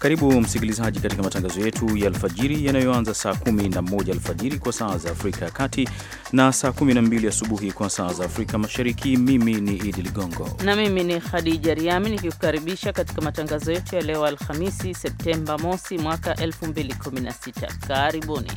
Karibu msikilizaji, katika matangazo yetu ya alfajiri yanayoanza saa 11 alfajiri kwa saa za Afrika ya Kati na saa 12 asubuhi kwa saa za Afrika Mashariki. Mimi ni Idi Ligongo na mimi ni Khadija Riami nikikukaribisha katika matangazo yetu ya leo Alhamisi, Septemba mosi mwaka 2016. Karibuni.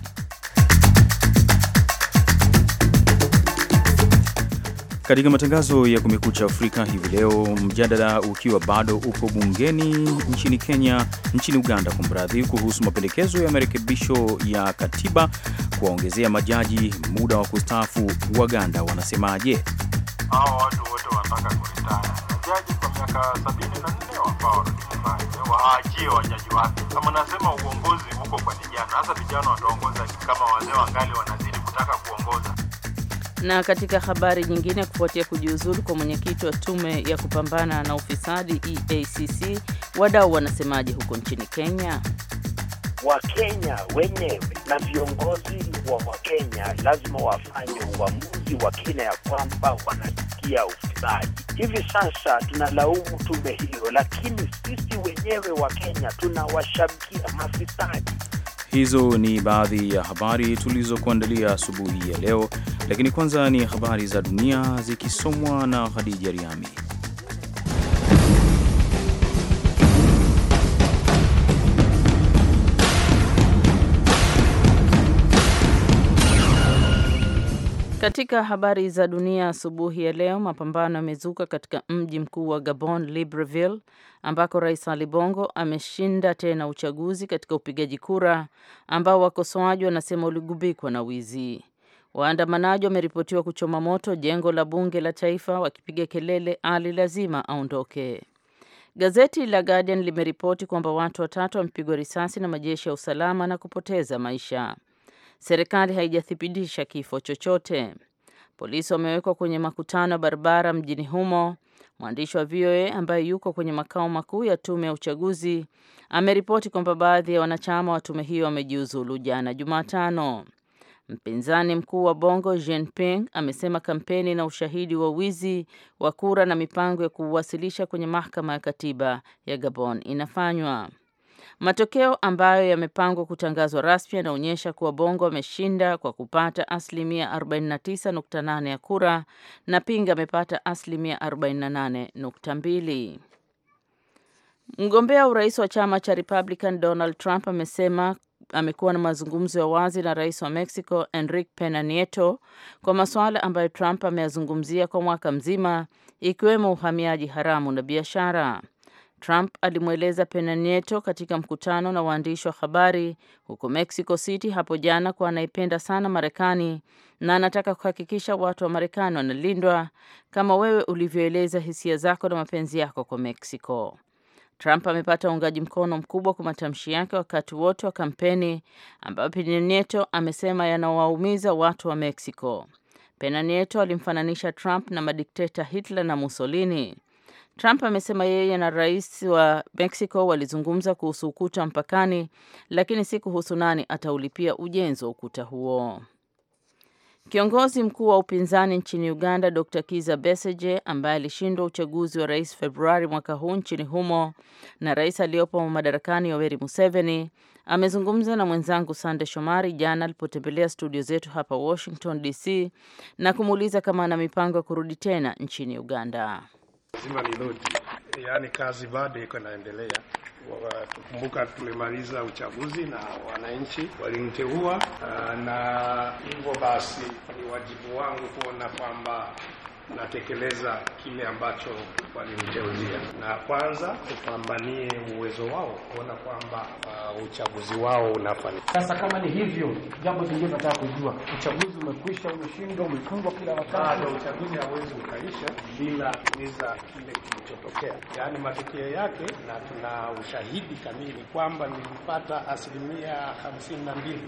Katika matangazo ya Kumekucha Afrika hivi leo, mjadala ukiwa bado upo bungeni nchini Kenya, nchini Uganda kumradhi, kuhusu mapendekezo ya marekebisho ya katiba kuwaongezea majaji muda wa kustaafu. Waganda wanasemaje? Hao watu wote wanataka kuritaya majaji kwa miaka sabini na nne waachie wajaji Kama nasema uongozi huko kwa vijana, hasa vijana wataongoza kama wazee wangali wanazidi kutaka kuongoza. Na katika habari nyingine, kufuatia kujiuzulu kwa mwenyekiti wa tume ya kupambana na ufisadi EACC, wadau wanasemaje huko nchini Kenya? Wakenya wenyewe na viongozi wa Wakenya lazima wafanye uamuzi wa kina ya kwamba wanachukia ufisadi. Hivi sasa tunalaumu tume hiyo, lakini sisi wenyewe Wakenya tunawashabikia mafisadi. Hizo ni baadhi ya habari tulizokuandalia asubuhi ya leo, lakini kwanza ni habari za dunia zikisomwa na Khadija Riami. Katika habari za dunia asubuhi ya leo, mapambano yamezuka katika mji mkuu wa Gabon, Libreville, ambako Rais Ali Bongo ameshinda tena uchaguzi katika upigaji kura ambao wakosoaji wanasema uligubikwa na wizi. Waandamanaji wameripotiwa kuchoma moto jengo la bunge la taifa wakipiga kelele Ali lazima aondoke. Gazeti la Guardian limeripoti kwamba watu watatu wamepigwa risasi na majeshi ya usalama na kupoteza maisha. Serikali haijathibitisha kifo chochote. Polisi wamewekwa kwenye makutano ya barabara mjini humo. Mwandishi wa VOA ambaye yuko kwenye makao makuu ya tume ya uchaguzi ameripoti kwamba baadhi ya wanachama wa tume hiyo wamejiuzulu jana Jumatano. Mpinzani mkuu wa Bongo ping amesema kampeni na ushahidi wa wizi wa kura na mipango ya kuwasilisha kwenye mahakama ya katiba ya Gabon inafanywa. Matokeo ambayo yamepangwa kutangazwa rasmi yanaonyesha kuwa Bongo ameshinda kwa kupata asilimia 49.8 ya kura na Pinga amepata asilimia 48.2. Mgombea urais wa chama cha Republican Donald Trump amesema amekuwa na mazungumzo ya wazi na rais wa Mexico Enrique Pena Nieto kwa masuala ambayo Trump ameyazungumzia kwa mwaka mzima ikiwemo uhamiaji haramu na biashara. Trump alimweleza Pena Nieto katika mkutano na waandishi wa habari huko Mexico City hapo jana kuwa anaipenda sana Marekani na anataka kuhakikisha watu wa Marekani wanalindwa kama wewe ulivyoeleza hisia zako na mapenzi yako kwa Mexico. Trump amepata uungaji mkono mkubwa kwa matamshi yake wakati wote wa kampeni ambapo Pena Nieto amesema yanawaumiza watu wa Mexico. Pena Nieto alimfananisha Trump na madikteta Hitler na Mussolini. Trump amesema yeye na rais wa Mexico walizungumza kuhusu ukuta mpakani, lakini si kuhusu nani ataulipia ujenzi wa ukuta huo. Kiongozi mkuu wa upinzani nchini Uganda, Dr Kiza Besigye, ambaye alishindwa uchaguzi wa rais Februari mwaka huu nchini humo na rais aliyopo madarakani Yoweri Museveni, amezungumza na mwenzangu Sande Shomari jana alipotembelea studio zetu hapa Washington DC na kumuuliza kama ana mipango ya kurudi tena nchini Uganda lazima nirudi, yaani kazi bado iko inaendelea. Tukumbuka tumemaliza uchaguzi na wananchi walimteua, na hivyo basi ni wajibu wangu kuona kwamba natekeleza kile ambacho walimteuzia, na kwanza tupambanie uwezo wao kuona kwamba uh, uchaguzi wao unafanyika. Sasa kama ni hivyo, jambo zingine nataka kujua, uchaguzi umekwisha, umeshindwa, umefungwa kila wakati? Bado uchaguzi hauwezi ukaisha bila kuweza kile kilichotokea, yaani matokeo yake, na tuna ushahidi kamili kwamba nilipata asilimia hamsini na mbili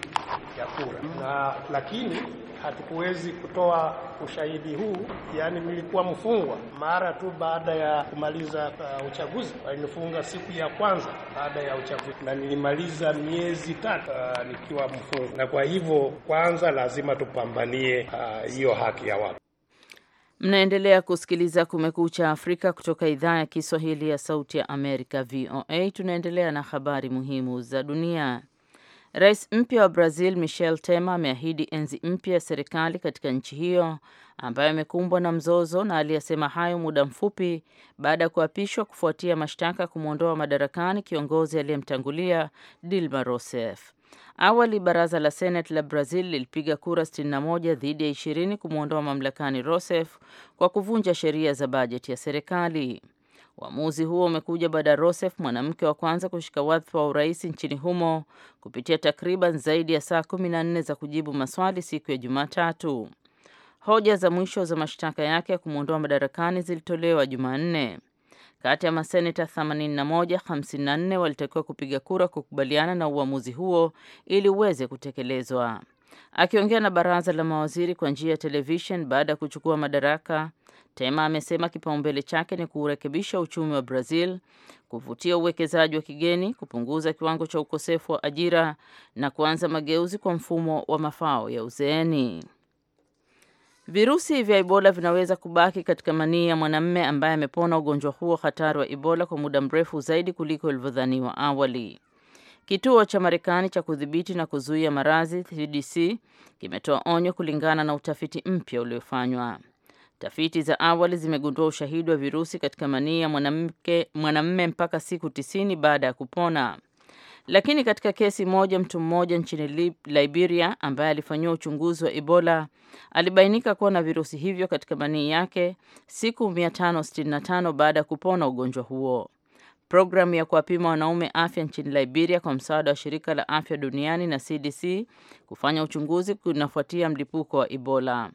ya kura na lakini hatukuwezi kutoa ushahidi huu, yaani nilikuwa mfungwa mara tu baada ya kumaliza uh, uchaguzi. Walinifunga siku ya kwanza baada ya uchaguzi na nilimaliza miezi tatu uh, nikiwa mfungwa, na kwa hivyo kwanza lazima tupambanie uh, hiyo uh, haki ya watu. Mnaendelea kusikiliza Kumekucha Afrika kutoka idhaa ya Kiswahili ya Sauti ya Amerika, VOA. Tunaendelea na habari muhimu za dunia. Rais mpya wa Brazil Michel Temer ameahidi enzi mpya ya serikali katika nchi hiyo ambayo imekumbwa na mzozo, na aliyesema hayo muda mfupi baada ya kuapishwa kufuatia mashtaka kumwondoa madarakani kiongozi aliyemtangulia Dilma Rousseff. Awali baraza la Senate la Brazil lilipiga kura 61 dhidi ya 20 kumwondoa mamlakani Rousseff kwa kuvunja sheria za bajeti ya serikali. Uamuzi huo umekuja baada ya Rosef, mwanamke wa kwanza kushika wadhifa wa urais nchini humo, kupitia takriban zaidi ya saa kumi na nne za kujibu maswali siku ya Jumatatu. Hoja za mwisho za mashtaka yake ya kumwondoa madarakani zilitolewa Jumanne. Kati ya maseneta 81, 54 walitakiwa kupiga kura kukubaliana na uamuzi huo ili uweze kutekelezwa. Akiongea na baraza la mawaziri kwa njia ya televishen baada ya kuchukua madaraka, Tema amesema kipaumbele chake ni kuurekebisha uchumi wa Brazil, kuvutia uwekezaji wa kigeni, kupunguza kiwango cha ukosefu wa ajira na kuanza mageuzi kwa mfumo wa mafao ya uzeeni. Virusi vya Ebola vinaweza kubaki katika manii ya mwanamume ambaye amepona ugonjwa huo hatari wa Ebola kwa muda mrefu zaidi kuliko ilivyodhaniwa awali. Kituo cha Marekani cha kudhibiti na kuzuia maradhi CDC kimetoa onyo kulingana na utafiti mpya uliofanywa. Tafiti za awali zimegundua ushahidi wa virusi katika manii ya mwanamke mwanamume mpaka siku tisini baada ya kupona. Lakini katika kesi moja, mtu mmoja nchini Liberia ambaye alifanyiwa uchunguzi wa Ebola alibainika kuwa na virusi hivyo katika manii yake siku 565 baada ya kupona ugonjwa huo. Programu ya kuwapima wanaume afya nchini Liberia kwa msaada wa shirika la afya duniani na CDC kufanya uchunguzi kunafuatia mlipuko wa Ebola.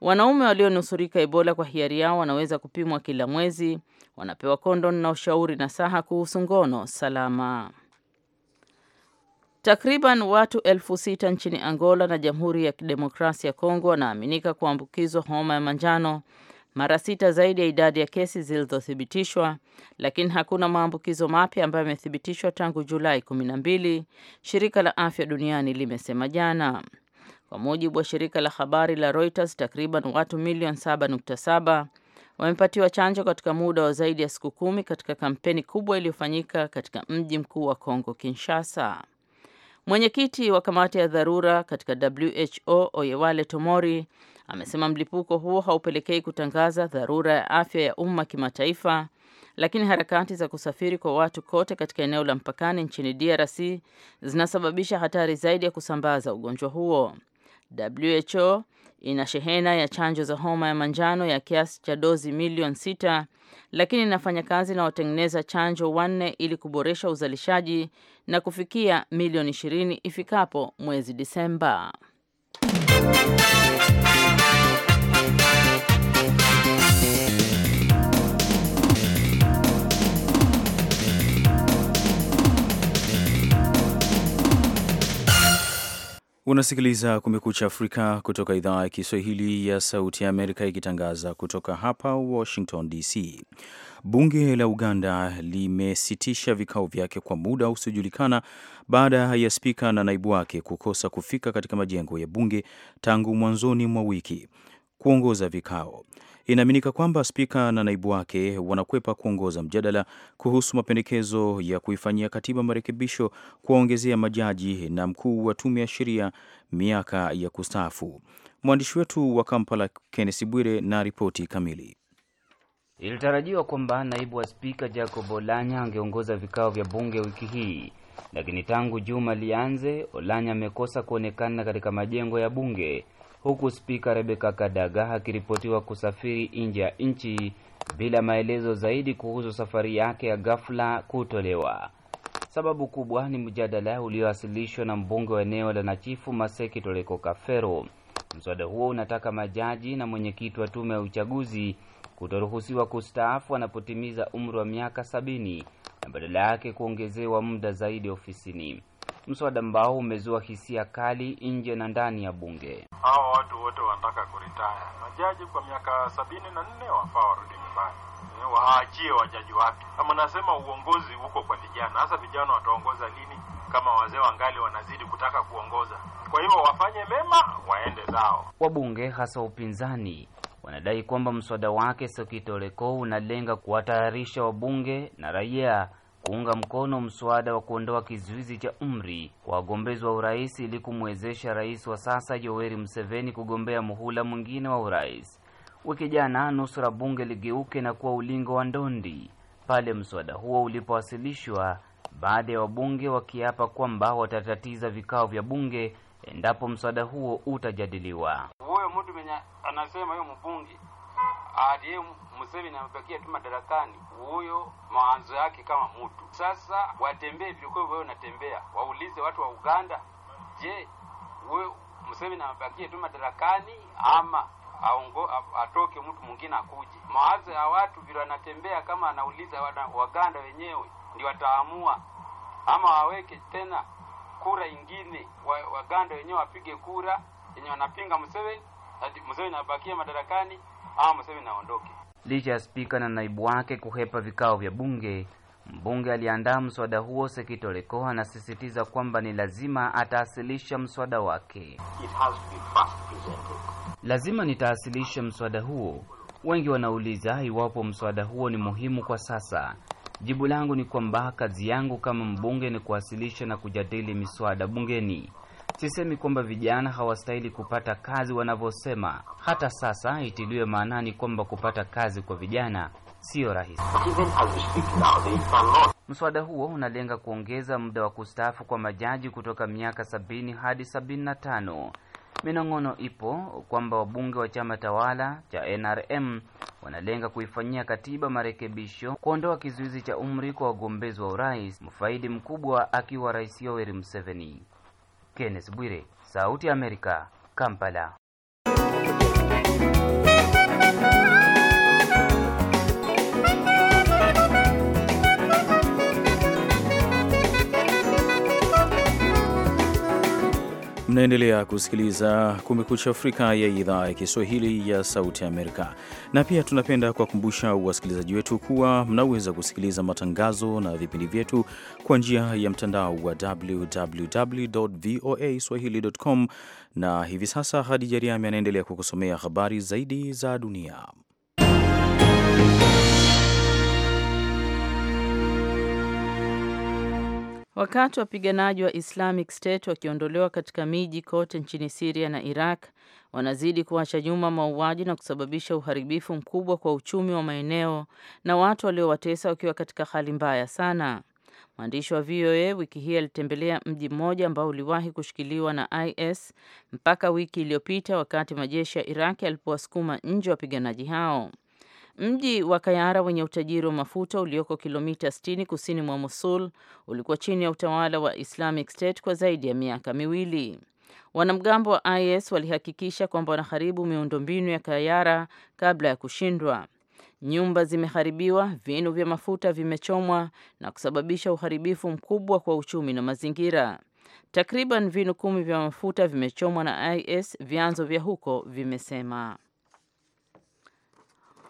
Wanaume walionusurika Ebola kwa hiari yao wanaweza kupimwa kila mwezi, wanapewa kondom na ushauri na saha kuhusu ngono salama. Takriban watu elfu sita nchini Angola na Jamhuri ya Kidemokrasia ya Kongo wanaaminika kuambukizwa homa ya manjano mara sita zaidi ya idadi ya kesi zilizothibitishwa, lakini hakuna maambukizo mapya ambayo yamethibitishwa tangu Julai 12, shirika la afya duniani limesema jana. Kwa mujibu wa shirika la habari la Reuters, takriban watu milioni 7.7 wamepatiwa chanjo katika muda wa zaidi ya siku kumi katika kampeni kubwa iliyofanyika katika mji mkuu wa Kongo Kinshasa. Mwenyekiti wa kamati ya dharura katika WHO Oyewale Tomori amesema mlipuko huo haupelekei kutangaza dharura ya afya ya umma kimataifa, lakini harakati za kusafiri kwa watu kote katika eneo la mpakani nchini DRC zinasababisha hatari zaidi ya kusambaza ugonjwa huo. WHO ina shehena ya chanjo za homa ya manjano ya kiasi cha dozi milioni sita, lakini inafanya kazi na watengeneza chanjo wanne ili kuboresha uzalishaji na kufikia milioni ishirini ifikapo mwezi Disemba. Unasikiliza Kumekucha Afrika kutoka idhaa ya Kiswahili ya Sauti ya Amerika, ikitangaza kutoka hapa Washington DC. Bunge la Uganda limesitisha vikao vyake kwa muda usiojulikana baada ya spika na naibu wake kukosa kufika katika majengo ya bunge tangu mwanzoni mwa wiki kuongoza vikao. Inaaminika kwamba spika na naibu wake wanakwepa kuongoza mjadala kuhusu mapendekezo ya kuifanyia katiba marekebisho, kuwaongezea majaji na mkuu wa tume ya sheria miaka ya kustaafu. Mwandishi wetu wa Kampala, Kennesi Bwire, na ripoti kamili. Ilitarajiwa kwamba naibu wa spika Jacob Olanya angeongoza vikao vya bunge wiki hii, lakini tangu juma lianze, Olanya amekosa kuonekana katika majengo ya bunge huku spika Rebeka Kadaga akiripotiwa kusafiri nje ya nchi bila maelezo zaidi kuhusu safari yake ya ghafla kutolewa. Sababu kubwa ni mjadala uliowasilishwa na mbunge wa eneo la Nachifu Maseki Toleko Kafero. Mswada huo unataka majaji na mwenyekiti wa tume ya uchaguzi kutoruhusiwa kustaafu wanapotimiza umri wa miaka sabini na badala yake kuongezewa muda zaidi ofisini mswada ambao umezua hisia kali nje na ndani ya bunge. Hawa watu wote wanataka kuritaya majaji kwa miaka sabini na nne wafaa warudi nyumbani, eh, waachie wajaji wapya. Kama nasema uongozi uko kwa vijana, hasa vijana wataongoza lini kama wazee wangali wanazidi kutaka kuongoza? Kwa hivyo wafanye mema, waende zao. Wabunge hasa upinzani wanadai kwamba mswada wake Sokitoleko unalenga kuwatayarisha wabunge na raia kuunga mkono mswada wa kuondoa kizuizi cha umri kwa wagombezi wa urais ili kumwezesha rais wa sasa Yoweri Museveni kugombea muhula mwingine wa urais. Wiki jana nusura bunge ligeuke na kuwa ulingo wa ndondi pale mswada huo ulipowasilishwa, baadhi ya wabunge wakiapa kwamba watatatiza vikao vya bunge endapo mswada huo utajadiliwa. Huyo mtu mwenye anasema hiyo mbunge adiye Museveni amebakia tu madarakani, huyo mawazo yake kama mtu sasa. Watembee vilikuwa wewe unatembea, waulize watu wa Uganda, je, wewe Museveni amebakia tu madarakani ama aongo, atoke mtu mwingine akuje? Mawazo ya watu vile wanatembea, kama anauliza Waganda wenyewe ndio wataamua, ama waweke tena kura ingine, Waganda wenyewe wapige kura yenye wanapinga Museveni, Museveni abakie madarakani ama ah, Museveni aondoke. Licha ya spika na naibu wake kuhepa vikao vya bunge, mbunge aliandaa mswada huo. Sekito anasisitiza kwamba ni lazima ataasilisha mswada wake. Lazima nitaasilisha mswada huo. Wengi wanauliza iwapo mswada huo ni muhimu kwa sasa. Jibu langu ni kwamba kazi yangu kama mbunge ni kuwasilisha na kujadili miswada bungeni. Sisemi kwamba vijana hawastahili kupata kazi wanavyosema. Hata sasa itiliwe maanani kwamba kupata kazi kwa vijana siyo rahisi. Mswada huo unalenga kuongeza muda wa kustaafu kwa majaji kutoka miaka sabini hadi sabini na tano. Minong'ono ipo kwamba wabunge wa chama tawala cha NRM wanalenga kuifanyia katiba marekebisho kuondoa kizuizi cha umri kwa wagombezi wa urais, mfaidi mkubwa akiwa Rais Yoweri Museveni. Kenneth Bwire, Sauti ya Amerika, Kampala. Mnaendelea kusikiliza Kumekucha Afrika ya idhaa ya Kiswahili ya Sauti Amerika, na pia tunapenda kuwakumbusha wasikilizaji wetu kuwa mnaweza kusikiliza matangazo na vipindi vyetu kwa njia ya mtandao wa www voa swahili.com, na hivi sasa Hadija Riami anaendelea kukusomea habari zaidi za dunia. Wakati wapiganaji wa Islamic State wakiondolewa katika miji kote nchini Siria na Iraq, wanazidi kuacha nyuma mauaji na kusababisha uharibifu mkubwa kwa uchumi wa maeneo na watu waliowatesa wakiwa katika hali mbaya sana. Mwandishi wa VOA wiki hii alitembelea mji mmoja ambao uliwahi kushikiliwa na IS mpaka wiki iliyopita wakati majeshi ya Iraq yalipowasukuma nje wapiganaji hao. Mji wa Kayara wenye utajiri wa mafuta ulioko kilomita 60 kusini mwa Mosul ulikuwa chini ya utawala wa Islamic State kwa zaidi ya miaka miwili. Wanamgambo wa IS walihakikisha kwamba wanaharibu miundombinu ya Kayara kabla ya kushindwa. Nyumba zimeharibiwa, vinu vya mafuta vimechomwa na kusababisha uharibifu mkubwa kwa uchumi na mazingira. Takriban vinu kumi vya mafuta vimechomwa na IS, vyanzo vya huko vimesema.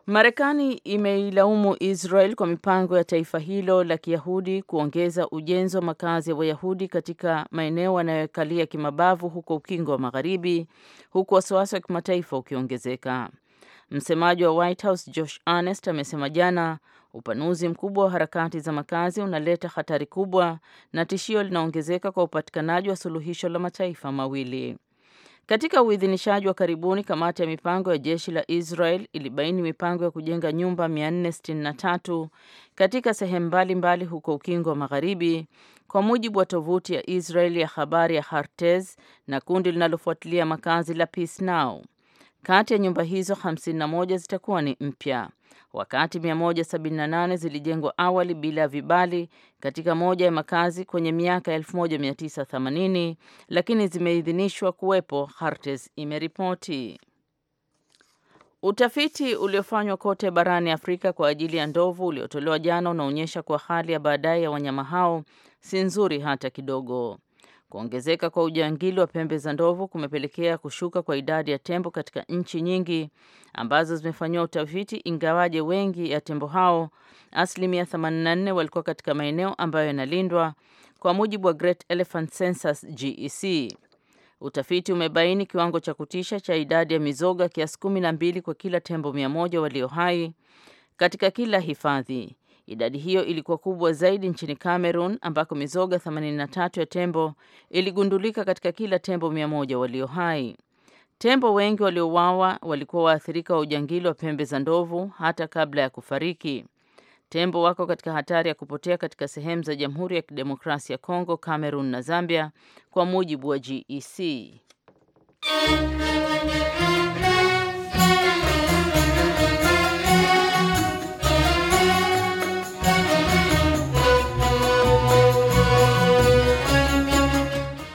Marekani imeilaumu Israel kwa mipango ya taifa hilo la Kiyahudi kuongeza ujenzi wa makazi ya Wayahudi katika maeneo anayoekalia kimabavu huko Ukingo wa Magharibi, huku wasiwasi wa kimataifa ukiongezeka. Msemaji wa White House Josh Earnest amesema jana, upanuzi mkubwa wa harakati za makazi unaleta hatari kubwa na tishio linaongezeka kwa upatikanaji wa suluhisho la mataifa mawili. Katika uidhinishaji wa karibuni, kamati ya mipango ya jeshi la Israel ilibaini mipango ya kujenga nyumba 463 katika sehemu mbalimbali huko Ukingo wa Magharibi, kwa mujibu wa tovuti ya Israel ya habari ya Hartez na kundi linalofuatilia makazi la Peace Now. Kati ya nyumba hizo 51 zitakuwa ni mpya wakati 178 zilijengwa awali bila ya vibali katika moja ya makazi kwenye miaka 1980 lakini zimeidhinishwa kuwepo, Hartes imeripoti. Utafiti uliofanywa kote barani Afrika kwa ajili ya ndovu uliotolewa jana unaonyesha kuwa hali ya baadaye ya wanyama hao si nzuri hata kidogo. Kuongezeka kwa ujangili wa pembe za ndovu kumepelekea kushuka kwa idadi ya tembo katika nchi nyingi ambazo zimefanyiwa utafiti, ingawaje wengi ya tembo hao asilimia 84 walikuwa katika maeneo ambayo yanalindwa, kwa mujibu wa Great Elephant Census GEC. Utafiti umebaini kiwango cha kutisha cha idadi ya mizoga, kiasi kumi na mbili kwa kila tembo mia walio hai katika kila hifadhi. Idadi hiyo ilikuwa kubwa zaidi nchini Cameroon ambako mizoga 83 ya tembo iligundulika katika kila tembo 100 walio hai. Tembo wengi waliouawa walikuwa waathirika wa ujangili wa pembe za ndovu hata kabla ya kufariki. Tembo wako katika hatari ya kupotea katika sehemu za Jamhuri ya Kidemokrasia ya Kongo, Cameroon na Zambia kwa mujibu wa GEC.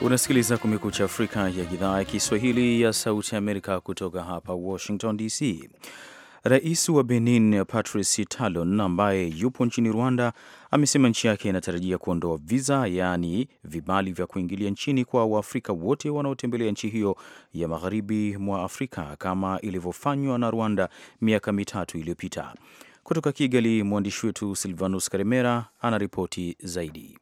Unasikiliza Kumekucha Afrika ya idhaa ya Kiswahili ya Sauti Amerika kutoka hapa Washington DC. Rais wa Benin Patrice Talon, ambaye yupo nchini Rwanda, amesema nchi yake inatarajia kuondoa viza, yaani vibali vya kuingilia nchini kwa Waafrika wote wanaotembelea nchi hiyo ya magharibi mwa Afrika kama ilivyofanywa na Rwanda miaka mitatu iliyopita. Kutoka Kigali, mwandishi wetu Silvanus Karemera anaripoti zaidi.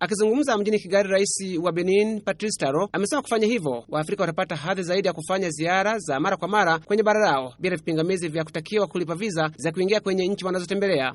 Akizungumza mjini Kigali, rais wa Benin Patrice Taro amesema kufanya hivyo Waafrika watapata hadhi zaidi ya kufanya ziara za mara kwa mara kwenye bara lao bila vipingamizi vya kutakiwa kulipa viza za kuingia kwenye nchi wanazotembelea.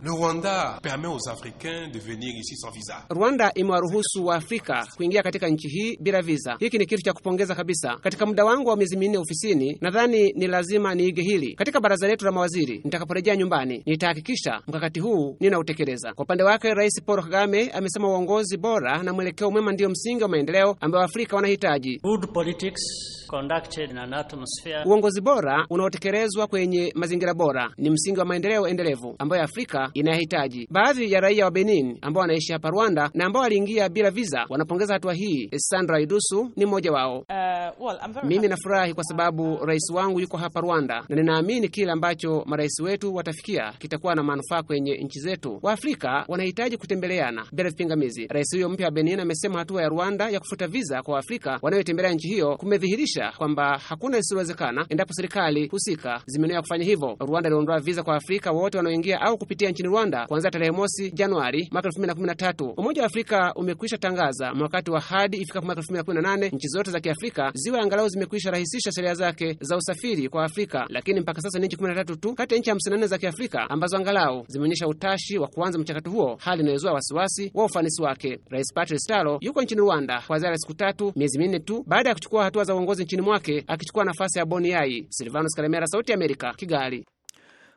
Rwanda imewaruhusu Waafrika kuingia katika nchi hii bila viza. Hiki ni kitu cha kupongeza kabisa. Katika muda wangu wa miezi minne ofisini, nadhani ni lazima niige hili katika baraza letu la mawaziri. Nitakaporejea nyumbani, nitahakikisha mkakati huu ninautekeleza. Kwa upande wake, rais Paul Kagame amesema uongozi bora na mwelekeo mwema ndiyo msingi wa maendeleo ambayo Afrika wanahitaji. Good politics conducted in an atmosphere. Uongozi bora unaotekelezwa kwenye mazingira bora ni msingi wa maendeleo endelevu ambayo Afrika inayahitaji. Baadhi ya raia wa Benin ambao wanaishi hapa Rwanda na ambao waliingia bila visa wanapongeza hatua hii. Sandra Idusu ni mmoja wao. Uh, well, mimi nafurahi kwa sababu rais wangu yuko hapa Rwanda na ninaamini kile ambacho marais wetu watafikia kitakuwa na manufaa kwenye nchi zetu. Waafrika wanahitaji kutembeleana bila vipingamizi. Rais huyo mpya wa Benin amesema hatua ya Rwanda ya kufuta viza kwa Waafrika wanayotembelea nchi hiyo kumedhihirisha kwamba hakuna lisilowezekana endapo serikali husika zimenuia kufanya hivyo. Rwanda iliondoa viza kwa Waafrika wote wanaoingia au kupitia nchini Rwanda kuanzia tarehe mosi Januari mwaka tatu. Umoja wa Afrika umekwisha tangaza wakati wa hadi ifikapo mwaka nane nchi zote za Kiafrika ziwe angalau zimekwisha rahisisha sheria zake za usafiri kwa Afrika, lakini mpaka sasa ni nchi 13 tu kati ya nchi 54 za Kiafrika ambazo angalau zimeonyesha utashi wa kuanza mchakato huo, hali inayozua wasiwasi wa ufanisi wake. Rais Patrice Talo yuko nchini Rwanda kwa ziara ya siku tatu, miezi minne tu baada ya kuchukua hatua za uongozi nchini mwake, akichukua nafasi ya Boni Yai. Silvanos Karemera, Sauti ya Amerika, Kigali.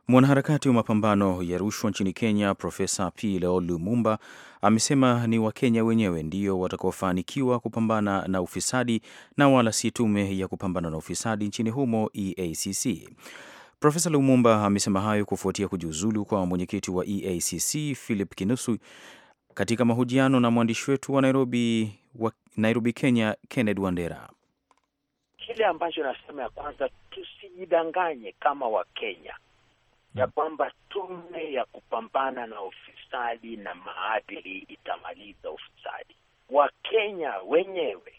Mwanaharakati wa mapambano ya rushwa nchini Kenya Profesa Leo Lumumba amesema ni Wakenya wenyewe ndio watakaofanikiwa kupambana na ufisadi na wala si tume ya kupambana na ufisadi nchini humo EACC. Profesa Lumumba amesema hayo kufuatia kujiuzulu kwa mwenyekiti wa EACC Philip Kinusu katika mahojiano na mwandishi wetu wa Nairobi, wa Nairobi Kenya, kenned Wandera. Kile ambacho nasema ya kwanza, tusijidanganye kama Wakenya ya kwamba tume ya kupambana na ufisadi na maadili itamaliza ufisadi. Wakenya wenyewe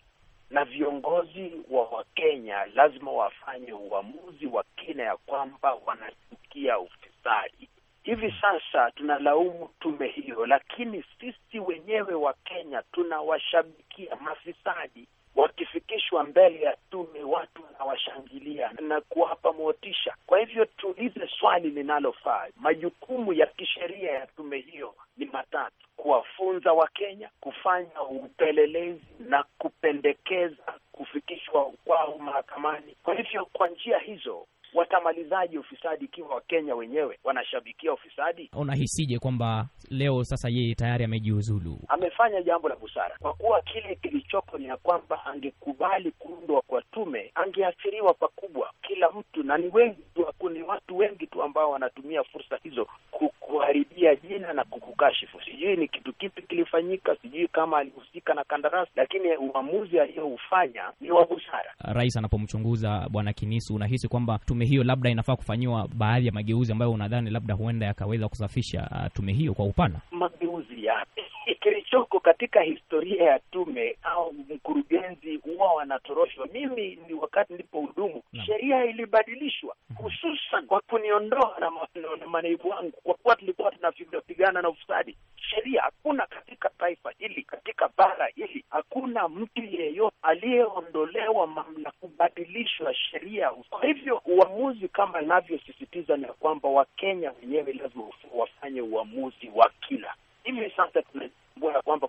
na viongozi wa Wakenya lazima wafanye uamuzi wa kina ya kwamba wanachukia ufisadi Hivi sasa tunalaumu tume hiyo, lakini sisi wenyewe wa Kenya tunawashabikia mafisadi. Wakifikishwa mbele ya tume, watu wanawashangilia na kuwapa motisha. Kwa hivyo tuulize swali linalofaa. Majukumu ya kisheria ya tume hiyo ni matatu: kuwafunza Wakenya, kufanya upelelezi na kupendekeza kufikishwa kwao mahakamani. Kwa hivyo kwa njia hizo watamalizaji ufisadi ikiwa Wakenya wenyewe wanashabikia ufisadi? Unahisije kwamba leo sasa yeye tayari amejiuzulu? Amefanya jambo la busara, kwa kuwa kile kilichopo ni ya kwamba angekubali kuundwa kwa tume angeathiriwa pakubwa kila mtu, na ni wengi tu, ni watu wengi tu ambao wanatumia fursa hizo ku kukuharibia jina na kukukashifu. Sijui ni kitu kipi kilifanyika, sijui kama alihusika na kandarasi, lakini uamuzi aliyoufanya ni wa busara. Rais anapomchunguza Bwana Kinisu, unahisi kwamba tume hiyo labda inafaa kufanyiwa baadhi ya mageuzi ambayo unadhani labda huenda yakaweza kusafisha uh, tume hiyo kwa upana? Mageuzi yapi? katika historia ya tume au mkurugenzi huwa wanatoroshwa. Mimi ni wakati hudumu no. sheria ilibadilishwa mhm. hususan kwa kuniondoa na, manaibu wangu, kwa kuwa tulikuwa tunapigana na ufisadi. Sheria hakuna katika taifa hili, katika bara hili, hakuna mtu yeyote aliyeondolewa mamlaka, kubadilishwa sheria. Kwa hivyo uamuzi kama inavyosisitiza ni kwamba Wakenya wenyewe lazima wafanye uamuzi wa kila hivi sasa tuna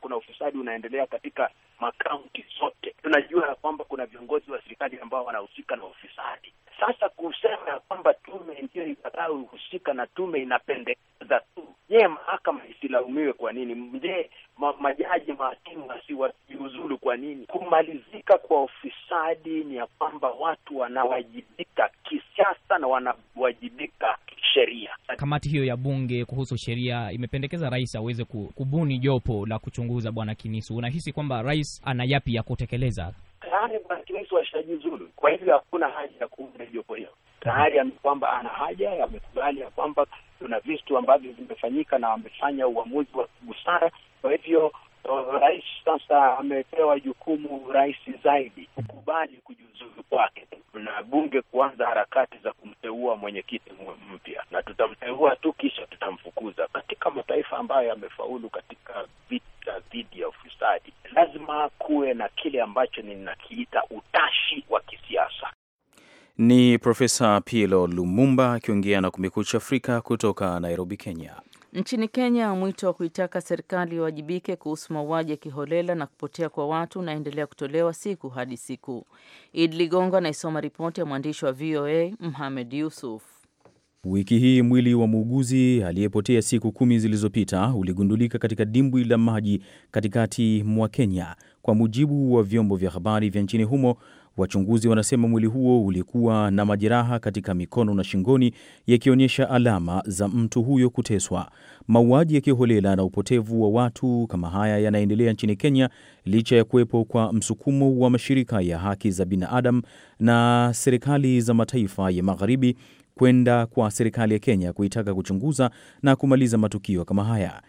kuna ufisadi unaendelea katika makaunti zote. Tunajua ya kwamba kuna viongozi wa serikali ambao wanahusika na ufisadi. Sasa kusema ya kwamba tume ndiyo ikadai husika na tume inapendekeza tu, je, mahakama isilaumiwe kwa nini? Je, ma, majaji mahakimu asiwajiuzulu kwa nini? Kumalizika kwa ufisadi ni ya kwamba watu wanawajibika kisiasa na wanawajibika sheria. Kamati hiyo ya bunge kuhusu sheria imependekeza rais aweze kubuni jopo la kuchunguza bwana Kinisu. Unahisi kwamba rais ana yapi ya kutekeleza? Tayari bwana Kinisu ashajiuzulu, kwa hivyo hakuna haja ya kuunda jopo hiyo Tayari kwamba ana haja, amekubali ya kwamba kuna vitu ambavyo vimefanyika na wamefanya uamuzi wa busara, kwa hivyo rais sasa amepewa jukumu rahisi zaidi kukubali kujiuzulu kwake na bunge kuanza harakati za kumteua mwenyekiti mpya, na tutamteua tu kisha tutamfukuza. Katika mataifa ambayo yamefaulu katika vita dhidi ya ufisadi, lazima kuwe na kile ambacho ninakiita utashi wa kisiasa. Ni Profesa Pielo Lumumba akiongea na Kumekucha Afrika kutoka Nairobi, Kenya. Nchini Kenya, mwito wa kuitaka serikali iwajibike kuhusu mauaji ya kiholela na kupotea kwa watu unaendelea kutolewa siku hadi siku. id Ligongo anaisoma ripoti ya mwandishi wa VOA Mohamed Yusuf. Wiki hii mwili wa muuguzi aliyepotea siku kumi zilizopita uligundulika katika dimbwi la maji katikati mwa Kenya, kwa mujibu wa vyombo vya habari vya nchini humo Wachunguzi wanasema mwili huo ulikuwa na majeraha katika mikono na shingoni yakionyesha alama za mtu huyo kuteswa. Mauaji ya kiholela na upotevu wa watu kama haya yanaendelea nchini Kenya licha ya kuwepo kwa msukumo wa mashirika ya haki za binadamu na serikali za mataifa ya magharibi kwenda kwa serikali ya Kenya kuitaka kuchunguza na kumaliza matukio kama haya.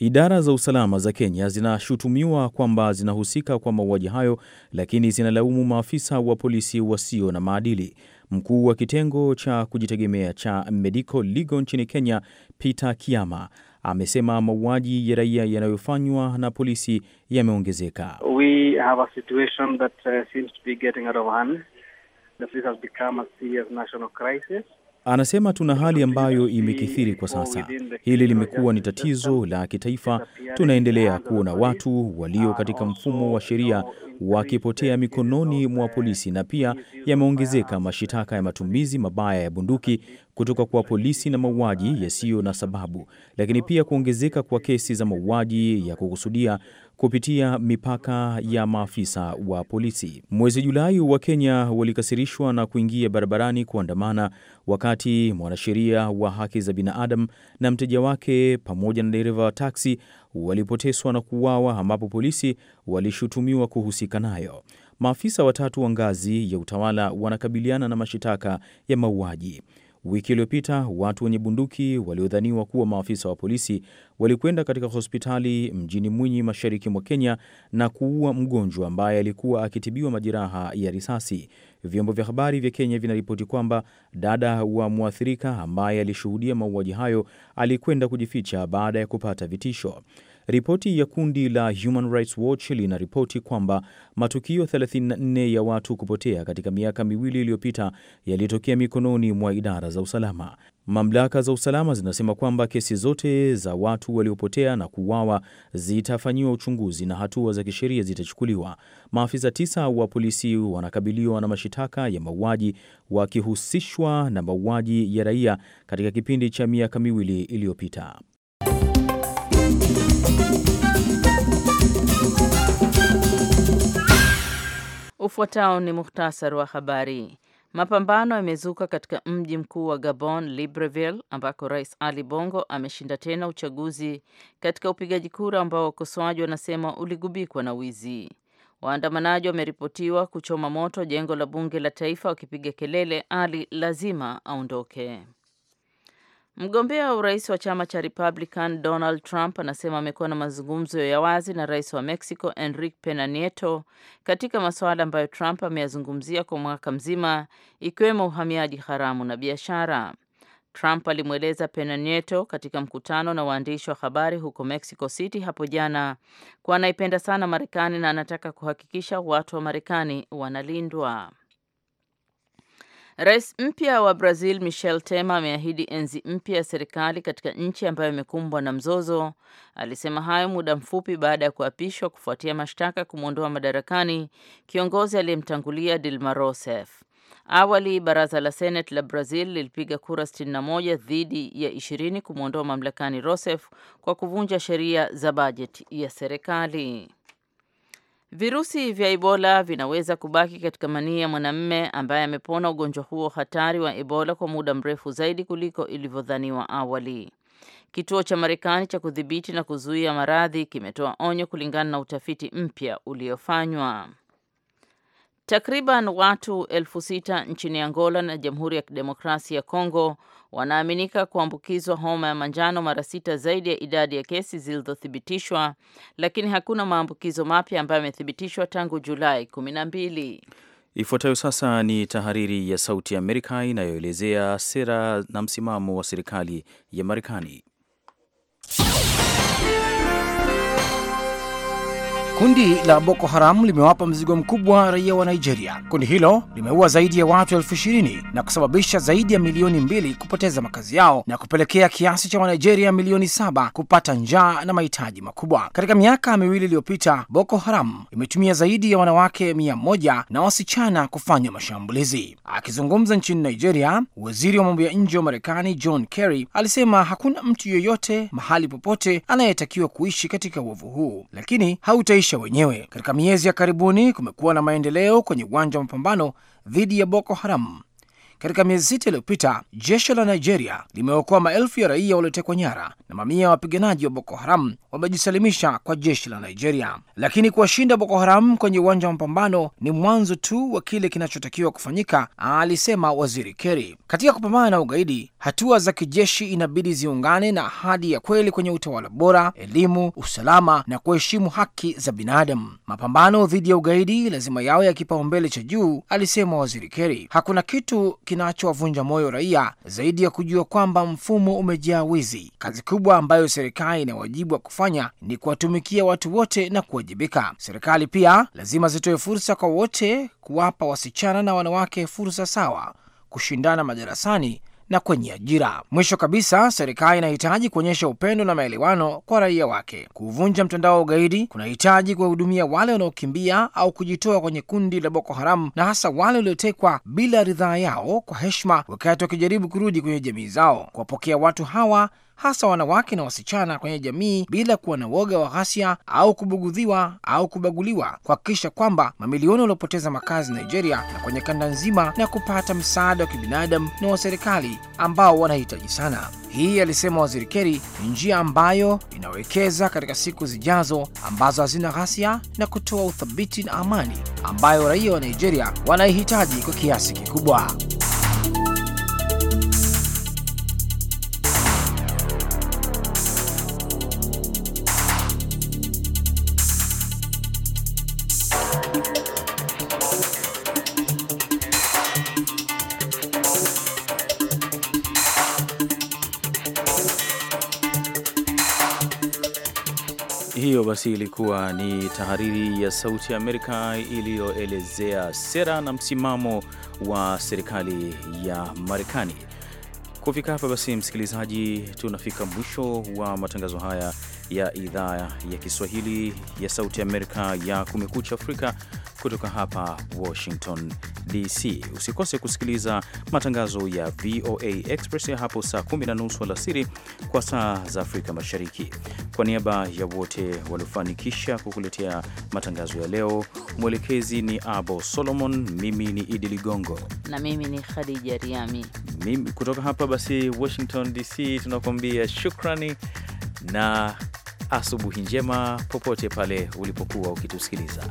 Idara za usalama za Kenya zinashutumiwa kwamba zinahusika kwa mauaji hayo, lakini zinalaumu maafisa wa polisi wasio na maadili. Mkuu wa kitengo cha kujitegemea cha Medico Legal nchini Kenya, Peter Kiama, amesema mauaji ya raia yanayofanywa na polisi yameongezeka. Anasema tuna hali ambayo imekithiri kwa sasa. Hili limekuwa ni tatizo la kitaifa. Tunaendelea kuona watu walio katika mfumo wa sheria wakipotea mikononi mwa polisi, na pia yameongezeka mashitaka ya matumizi mabaya ya bunduki kutoka kwa polisi na mauaji yasiyo na sababu, lakini pia kuongezeka kwa kesi za mauaji ya kukusudia kupitia mipaka ya maafisa wa polisi. Mwezi Julai, wa kenya walikasirishwa na kuingia barabarani kuandamana, wakati mwanasheria wa haki za binadamu na mteja wake pamoja na dereva wa taksi walipoteswa na kuuawa, ambapo polisi walishutumiwa kuhusika nayo. Maafisa watatu wa ngazi ya utawala wanakabiliana na mashitaka ya mauaji. Wiki iliyopita watu wenye bunduki waliodhaniwa kuwa maafisa wa polisi walikwenda katika hospitali mjini Mwinyi, mashariki mwa Kenya, na kuua mgonjwa ambaye alikuwa akitibiwa majeraha ya risasi. Vyombo vya habari vya Kenya vinaripoti kwamba dada wa mwathirika ambaye alishuhudia mauaji hayo alikwenda kujificha baada ya kupata vitisho. Ripoti ya kundi la Human Rights Watch linaripoti kwamba matukio 34 ya watu kupotea katika miaka miwili iliyopita yalitokea mikononi mwa idara za usalama. Mamlaka za usalama zinasema kwamba kesi zote za watu waliopotea na kuuawa zitafanyiwa uchunguzi na hatua za kisheria zitachukuliwa. Maafisa tisa wa polisi wanakabiliwa na mashitaka ya mauaji wakihusishwa na mauaji ya raia katika kipindi cha miaka miwili iliyopita. Ufuatao ni muhtasari wa habari. Mapambano yamezuka katika mji mkuu wa Gabon, Libreville, ambako Rais Ali Bongo ameshinda tena uchaguzi katika upigaji kura ambao wakosoaji wanasema uligubikwa na wizi. Waandamanaji wameripotiwa kuchoma moto jengo la bunge la taifa wakipiga kelele Ali lazima aondoke. Mgombea wa urais wa chama cha Republican Donald Trump anasema amekuwa na mazungumzo ya wazi na rais wa Mexico Enrique Pena Nieto katika masuala ambayo Trump ameyazungumzia kwa mwaka mzima ikiwemo uhamiaji haramu na biashara. Trump alimweleza Pena Nieto katika mkutano na waandishi wa habari huko Mexico City hapo jana kuwa anaipenda sana Marekani na anataka kuhakikisha watu wa Marekani wanalindwa. Rais mpya wa Brazil Michel Temer ameahidi enzi mpya ya serikali katika nchi ambayo imekumbwa na mzozo. Alisema hayo muda mfupi baada ya kuapishwa kufuatia mashtaka kumwondoa madarakani kiongozi aliyemtangulia Dilma Rousseff. Awali baraza la Senate la Brazil lilipiga kura 61 dhidi ya 20 kumwondoa mamlakani Rousseff kwa kuvunja sheria za bajeti ya serikali. Virusi vya Ebola vinaweza kubaki katika manii ya mwanamume ambaye amepona ugonjwa huo hatari wa Ebola kwa muda mrefu zaidi kuliko ilivyodhaniwa awali. Kituo cha Marekani cha kudhibiti na kuzuia maradhi kimetoa onyo kulingana na utafiti mpya uliofanywa. Takriban watu elfu sita nchini Angola na Jamhuri ya Kidemokrasia ya Kongo wanaaminika kuambukizwa homa ya manjano mara sita zaidi ya idadi ya kesi zilizothibitishwa, lakini hakuna maambukizo mapya ambayo yamethibitishwa tangu Julai kumi na mbili. Ifuatayo sasa ni tahariri ya Sauti ya Amerika inayoelezea sera na msimamo wa serikali ya Marekani. Kundi la Boko Haram limewapa mzigo mkubwa raia wa Nigeria. Kundi hilo limeua zaidi ya watu elfu ishirini na kusababisha zaidi ya milioni mbili kupoteza makazi yao na kupelekea kiasi cha Wanigeria milioni saba kupata njaa na mahitaji makubwa. Katika miaka miwili iliyopita, Boko Haram imetumia zaidi ya wanawake mia moja na wasichana kufanya mashambulizi. Akizungumza nchini Nigeria, waziri wa mambo ya nje wa Marekani John Kerry alisema hakuna mtu yeyote mahali popote anayetakiwa kuishi katika uovu huu, lakini hautaishi kujinufaisha wenyewe. Katika miezi ya karibuni kumekuwa na maendeleo kwenye uwanja wa mapambano dhidi ya Boko Haram katika miezi sita iliyopita, jeshi la Nigeria limeokoa maelfu ya raia waliotekwa nyara na mamia ya wapiganaji wa Boko Haram wamejisalimisha kwa jeshi la Nigeria, lakini kuwashinda Boko Haram kwenye uwanja wa mapambano ni mwanzo tu wa kile kinachotakiwa kufanyika, alisema Waziri keri Katika kupambana na ugaidi, hatua za kijeshi inabidi ziungane na ahadi ya kweli kwenye utawala bora, elimu, usalama na kuheshimu haki za binadamu. Mapambano dhidi ya ugaidi lazima yawe ya kipaumbele cha juu, alisema Waziri keri Hakuna kitu kinachowavunja moyo raia zaidi ya kujua kwamba mfumo umejaa wizi. Kazi kubwa ambayo serikali ina wajibu wa kufanya ni kuwatumikia watu wote na kuwajibika. Serikali pia lazima zitoe fursa kwa wote, kuwapa wasichana na wanawake fursa sawa kushindana madarasani na kwenye ajira. Mwisho kabisa, serikali inahitaji kuonyesha upendo na maelewano kwa raia wake. Kuvunja mtandao wa ugaidi kunahitaji kuwahudumia wale wanaokimbia au kujitoa kwenye kundi la Boko Haram, na hasa wale waliotekwa bila ridhaa yao, kwa heshima, wakati wakijaribu kurudi kwenye jamii zao. Kuwapokea watu hawa hasa wanawake na wasichana kwenye jamii bila kuwa na woga wa ghasia au kubugudhiwa au kubaguliwa, kuhakikisha kwamba mamilioni waliopoteza makazi Nigeria na kwenye kanda nzima na kupata msaada wa kibinadamu na wa serikali ambao wanahitaji sana. Hii, alisema Waziri Keri, ni njia ambayo inawekeza katika siku zijazo ambazo hazina ghasia na kutoa uthabiti na amani ambayo raia wa Nigeria wanaihitaji kwa kiasi kikubwa. basi ilikuwa ni tahariri ya Sauti ya Amerika iliyoelezea sera na msimamo wa serikali ya Marekani. Kufika hapa basi, msikilizaji, tunafika mwisho wa matangazo haya ya idhaa ya Kiswahili ya Sauti ya Amerika ya Kumekucha Afrika kutoka hapa Washington DC. Usikose kusikiliza matangazo ya VOA Express hapo saa kumi na nusu alasiri kwa saa za Afrika Mashariki. Kwa niaba ya wote waliofanikisha kukuletea matangazo ya leo, mwelekezi ni Abo Solomon, mimi ni Idi Ligongo na mimi ni Khadija Riami. Mimi kutoka hapa basi Washington DC tunakuambia shukrani na asubuhi njema popote pale ulipokuwa ukitusikiliza.